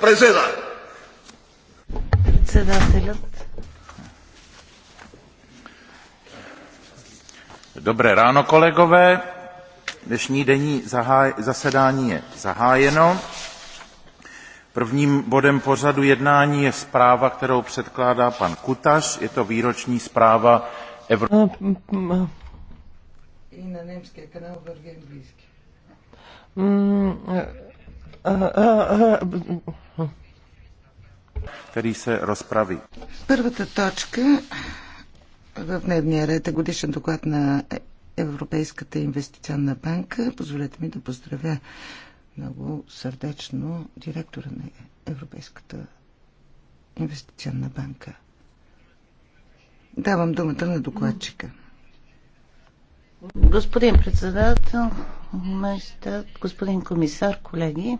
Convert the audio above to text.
Председателят. Dobré ráno, kolegové. Dnešní denní zasedání je zahájeno. Prvním bodem pořadu jednání je zpráva, kterou předkládá pan Kutaš. Je to výroční zpráva evropské И къде се разправи? Първата точка в дневния ред е годишен доклад на Европейската инвестиционна банка. Позволете ми да поздравя много сърдечно директора на Европейската инвестиционна банка. Давам думата на докладчика. Господин председател, места. Господин комисар, колеги,